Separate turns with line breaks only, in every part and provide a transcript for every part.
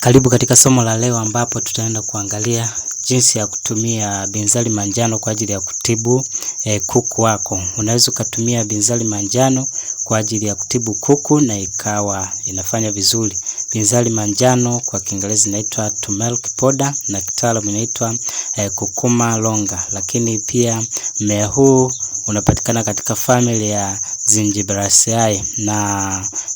Karibu katika somo la leo ambapo tutaenda kuangalia jinsi ya kutumia binzari manjano kwa ajili ya kutibu e, kuku wako. Unaweza ukatumia binzari manjano kwa ajili ya kutibu kuku na ikawa inafanya vizuri. Binzari manjano kwa Kiingereza inaitwa turmeric powder na kitaalamu inaitwa e, kukuma longa, lakini pia mmea huu unapatikana katika family ya Zingiberaceae na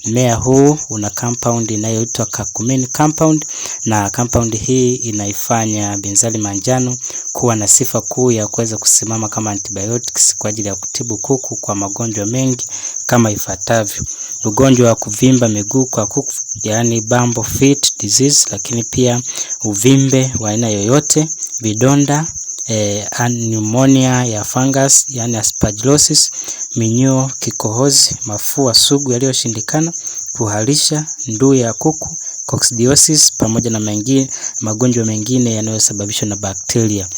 Mmea huu una compound inayoitwa curcumin compound na compound hii inaifanya binzari manjano kuwa na sifa kuu ya kuweza kusimama kama antibiotics kwa ajili ya kutibu kuku kwa magonjwa mengi kama ifuatavyo: ugonjwa wa kuvimba miguu kwa kuku, yaani bumble feet disease, lakini pia uvimbe wa aina yoyote, vidonda eh, pneumonia ya fungus yani aspergillosis, minyoo, kikohozi, mafua sugu yaliyoshindikana kuharisha, nduu ya kuku, coccidiosis pamoja na mengine, magonjwa mengine yanayosababishwa na bakteria.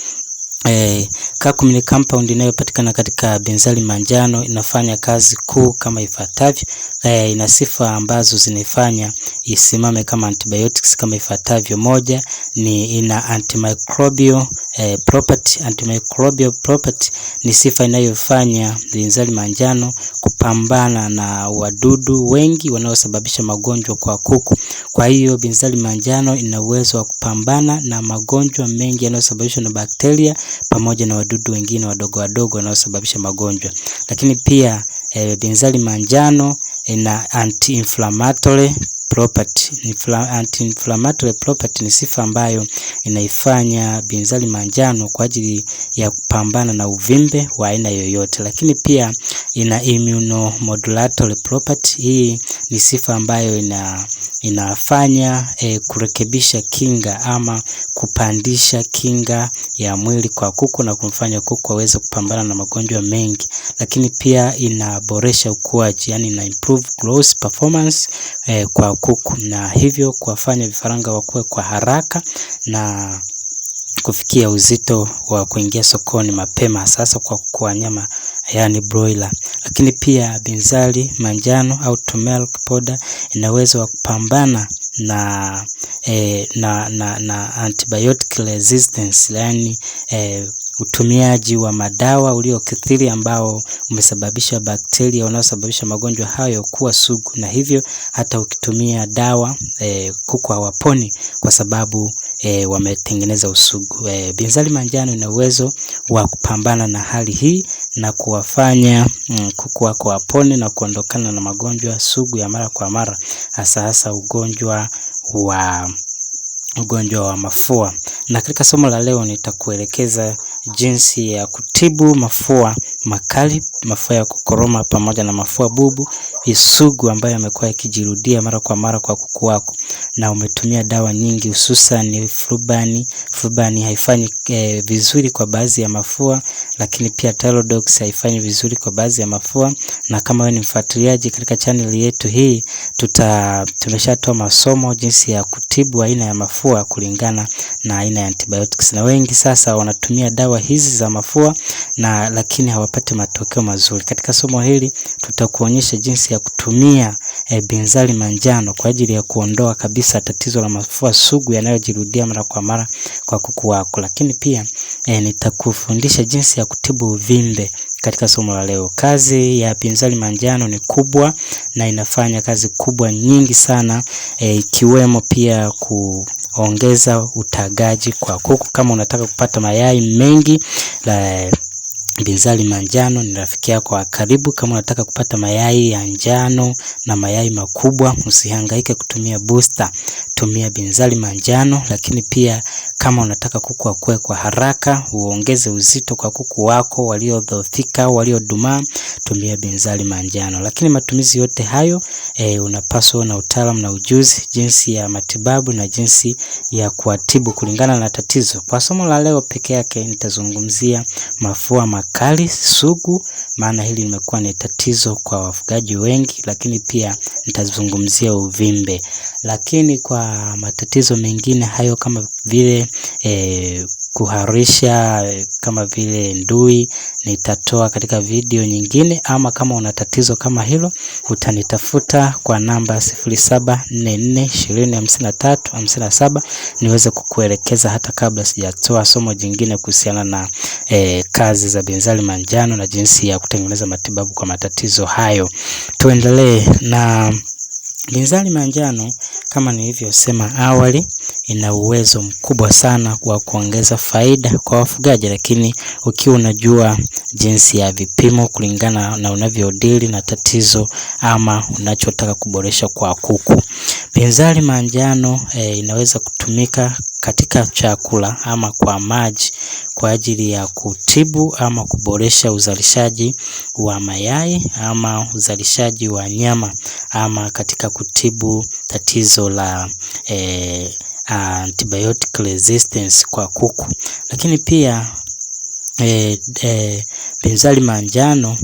eh, Curcumin compound inayopatikana katika benzali manjano inafanya kazi kuu kama ifuatavyo. Eh, ina sifa ambazo zinaifanya isimame kama antibiotics kama ifuatavyo. Moja ni ina antimicrobial eh, property. Antimicrobial property ni sifa inayofanya benzali manjano kupambana na wadudu wengi wanaosababisha magonjwa kwa kuku. Kwa hiyo benzali manjano ina uwezo wa kupambana na magonjwa mengi yanayosababishwa na bakteria pamoja na wadudu wadudu wengine wadogo wadogo wanaosababisha magonjwa. Lakini pia e, eh, binzari manjano ina eh, anti-inflammatory property. Anti-inflammatory property ni sifa ambayo inaifanya binzari manjano kwa ajili ya kupambana na uvimbe wa aina yoyote, lakini pia ina immunomodulatory property. Hii ni sifa ambayo ina inafanya eh, kurekebisha kinga ama kupandisha kinga ya mwili kwa kuku na kumfanya kuku aweze kupambana na magonjwa mengi. Lakini pia inaboresha ukuaji, yani ina improve growth performance eh, kwa kuku na hivyo kuwafanya vifaranga wakue kwa haraka na kufikia uzito wa kuingia sokoni mapema sasa kwa kuku wa nyama yaani broiler. Lakini pia binzari manjano au turmeric powder ina uwezo wa kupambana na eh, na antibiotic resistance yaani utumiaji wa madawa uliokithiri ambao umesababisha bakteria wanaosababisha magonjwa hayo kuwa sugu na hivyo hata ukitumia dawa e, kuku hawaponi kwa sababu e, wametengeneza usugu. E, eh, binzali manjano ina uwezo wa kupambana na hali hii na kuwafanya mm, kuku wako wapone na kuondokana na magonjwa sugu ya mara kwa mara hasa hasa ugonjwa wa ugonjwa wa mafua. Na katika somo la leo nitakuelekeza jinsi ya kutibu mafua makali, mafua ya kukoroma pamoja na mafua bubu ni ambayo yamekuwa yakijirudia mara kwa mara kwa kuku wako na umetumia dawa nyingi hususan flubani. Flubani haifanyi e, vizuri kwa baadhi ya mafua, lakini pia Tylodox haifanyi vizuri kwa baadhi ya mafua. Na kama wewe ni mfuatiliaji katika channel yetu hii, tuta tumeshatoa masomo jinsi ya kutibu aina ya mafua kulingana na aina ya antibiotics, na wengi sasa wanatumia dawa hizi za mafua na lakini hawapati matokeo mazuri. Katika somo hili tutakuonyesha jinsi ya kutumia e, binzari manjano kwa ajili ya kuondoa kabisa tatizo la mafua sugu yanayojirudia mara kwa mara kwa kuku wako. Lakini pia e, nitakufundisha jinsi ya kutibu uvimbe katika somo la leo. Kazi ya binzari manjano ni kubwa na inafanya kazi kubwa nyingi sana eh, ikiwemo pia ku ongeza utagaji kwa kuku. Kama unataka kupata mayai mengi la Binzari manjano ni rafiki yako wa karibu. Kama unataka kupata mayai ya njano na mayai makubwa, usihangaike kutumia booster, tumia binzari manjano. Lakini pia kama unataka kuku akue kwa haraka, uongeze uzito kwa kuku wako waliodhoofika waliodumaa, tumia binzari manjano. Lakini matumizi yote hayo e, unapaswa na utaalamu na ujuzi jinsi ya matibabu na jinsi ya kuatibu kulingana na tatizo. Kwa somo la leo peke yake nitazungumzia mafua makali sugu, maana hili limekuwa ni tatizo kwa wafugaji wengi, lakini pia nitazungumzia uvimbe. Lakini kwa matatizo mengine hayo kama vile eh, kuharisha kama vile ndui nitatoa katika video nyingine ama kama una tatizo kama hilo utanitafuta kwa namba 0744205357 niweze kukuelekeza hata kabla sijatoa somo jingine kuhusiana na e, kazi za binzali manjano na jinsi ya kutengeneza matibabu kwa matatizo hayo. Tuendelee na binzali manjano kama nilivyosema awali, ina uwezo mkubwa sana wa kuongeza faida kwa wafugaji, lakini ukiwa unajua jinsi ya vipimo kulingana na unavyodili na tatizo ama unachotaka kuboresha kwa kuku. Binzari manjano e, inaweza kutumika katika chakula ama kwa maji kwa ajili ya kutibu ama kuboresha uzalishaji wa mayai ama uzalishaji wa nyama ama katika kutibu tatizo la eh, antibiotic resistance kwa kuku. Lakini pia eh, eh, binzari manjano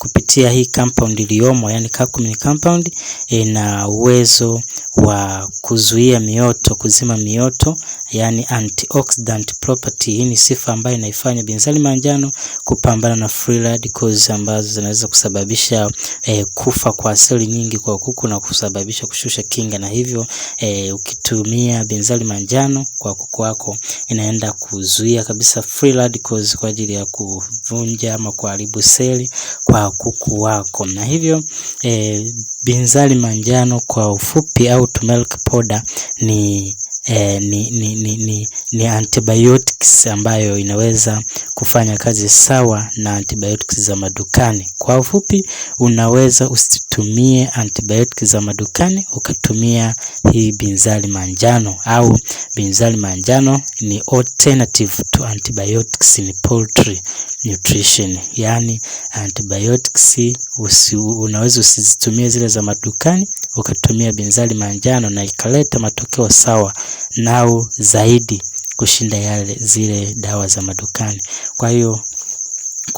kupitia hii compound iliyomo, yani curcumin compound, ina uwezo wa kuzuia mioto, kuzima mioto, yani antioxidant property. Hii ni sifa ambayo inaifanya binzari manjano kupambana na free radicals ambazo zinaweza kusababisha eh, kufa kwa seli nyingi kwa kuku na kusababisha kushusha kinga, na hivyo eh, ukitumia binzari manjano kwa kuku wako inaenda kuzuia kabisa free radicals kwa ajili ya kuvunja ama kuharibu seli kwa kuku wako, na hivyo e, eh, binzali manjano kwa ufupi au milk powder ni E, ni, ni, ni, ni, ni antibiotics ambayo inaweza kufanya kazi sawa na antibiotics za madukani. Kwa ufupi, unaweza usitumie antibiotics za madukani ukatumia hii binzali manjano, au binzali manjano ni alternative to antibiotics in poultry nutrition yaani antibiotics usi, unaweza usizitumie zile za madukani ukatumia binzali manjano na ikaleta matokeo sawa nao zaidi kushinda yale zile dawa za madukani. Kwa hiyo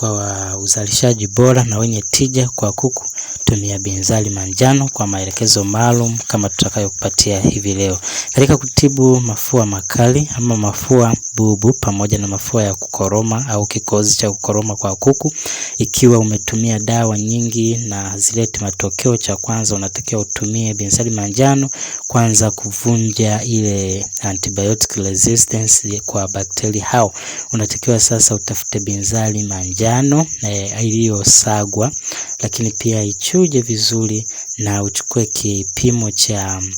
kwa uzalishaji bora na wenye tija kwa kuku, tumia binzali manjano kwa maelekezo maalum kama tutakayokupatia hivi leo. Katika kutibu mafua makali ama mafua bubu pamoja na mafua ya kukoroma au kikozi cha kukoroma kwa kuku, ikiwa umetumia dawa nyingi na hazileti matokeo, cha kwanza unatakiwa utumie binzali manjano kwanza kuvunja ile antibiotic resistance kwa bakteria hao. Unatakiwa sasa utafute binzali manjano ngano e, eh, iliyosagwa, lakini pia ichuje vizuri na uchukue kipimo cha mm,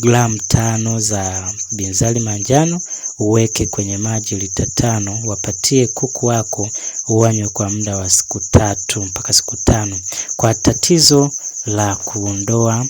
gramu tano za binzari manjano uweke kwenye maji lita tano, wapatie kuku wako uwanywe kwa muda wa siku tatu mpaka siku tano kwa tatizo la kuondoa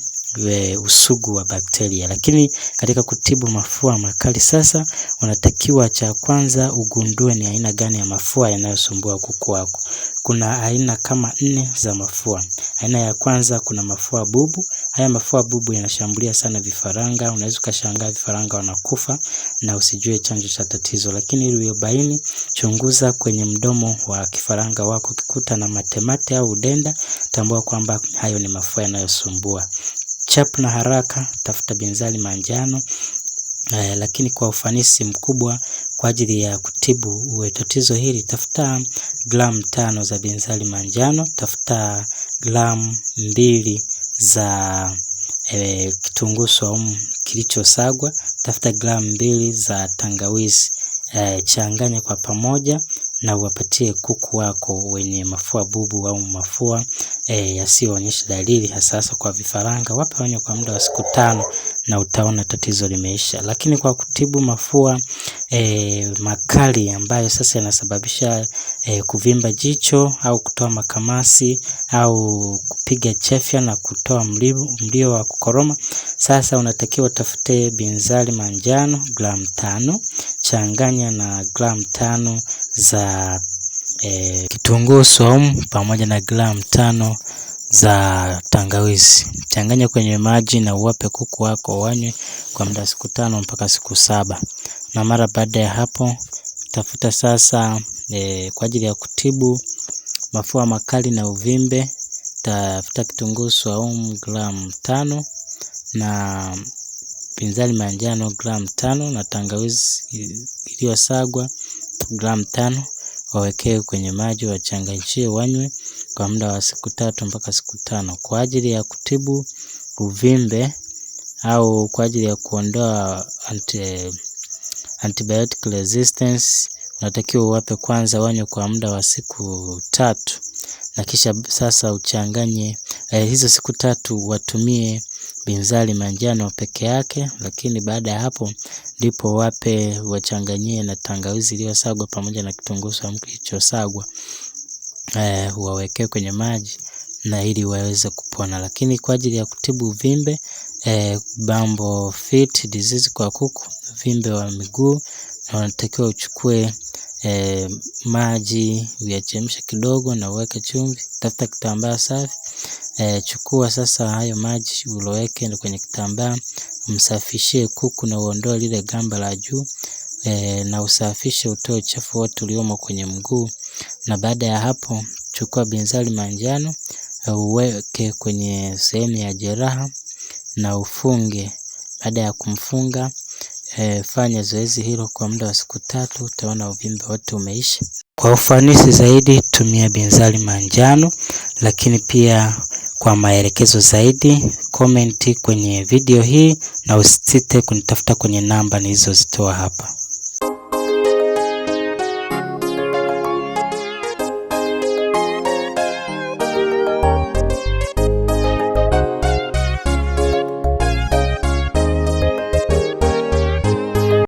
usugu wa bakteria. Lakini katika kutibu mafua makali sasa, unatakiwa cha kwanza ugundue ni aina gani ya mafua yanayosumbua kuku wako. Kuna aina kama nne za mafua. Aina ya kwanza kuna mafua bubu. Haya mafua bubu yanashambulia sana vifaranga, unaweza ukashangaa vifaranga wanakufa na usijue chanzo cha tatizo. Lakini ili ubaini, chunguza kwenye mdomo wa kifaranga wako, kikuta na matemate au udenda, tambua kwamba hayo ni mafua yanayosumbua chapu na haraka, tafuta benzali manjano, eh, lakini kwa ufanisi mkubwa kwa ajili ya kutibu uwe tatizo hili, tafuta gramu tano za benzali manjano, tafuta gramu mbili za eh, kitunguu saumu kilichosagwa, tafuta gramu mbili za tangawizi eh, changanya kwa pamoja na uwapatie kuku wako wenye mafua bubu au mafua eh, yasiyoonyesha dalili hasa kwa vifaranga. Wape wanywe kwa muda wa siku tano na utaona tatizo limeisha. Lakini kwa kutibu mafua eh, makali ambayo sasa yanasababisha eh, kuvimba jicho au kutoa makamasi au kupiga chafya na kutoa mlio wa kukoroma. Sasa unatakiwa utafute binzari manjano gramu tano, changanya na gramu tano za eh, kitunguu saumu pamoja na gramu tano za tangawizi. Changanya kwenye maji na uwape kuku wako wanywe kwa muda siku tano mpaka siku saba, na mara baada ya hapo tafuta sasa e, kwa ajili ya kutibu mafua makali na uvimbe, tafuta kitunguu swaumu gramu tano na pinzali manjano gramu tano na tangawizi iliyosagwa gramu tano wawekee kwenye maji wachanganyishie wanywe kwa muda wa siku tatu mpaka siku tano kwa ajili ya kutibu uvimbe au kwa ajili ya kuondoa antibiotic resistance unatakiwa uwape kwanza wanywe kwa muda wa siku tatu na kisha sasa uchanganye eh, hizo siku tatu watumie binzari manjano peke yake, lakini baada ya hapo ndipo wape wachanganyie na tangawizi iliyosagwa pamoja na kitunguu saumu kilichosagwa uwawekee eh, kwenye maji na ili waweze kupona. Lakini kwa ajili ya kutibu uvimbe, eh, bambo fit disease kwa kuku, uvimbe wa miguu, na unatakiwa uchukue eh, maji, uyachemshe kidogo na uweke chumvi, tafuta kitambaa safi, chukua sasa hayo maji uloweke kwenye kitambaa, msafishie kuku na uondoe lile gamba la juu na usafishe utoe uchafu wote uliomo kwenye mguu na baada ya hapo chukua binzari manjano uweke kwenye sehemu ya jeraha na ufunge. Baada ya kumfunga eh, fanya zoezi hilo kwa muda wa siku tatu utaona uvimbe wote umeisha. Kwa ufanisi zaidi tumia binzari manjano lakini pia kwa maelekezo zaidi komenti kwenye video hii na usisite kunitafuta kwenye namba nilizozitoa hapa.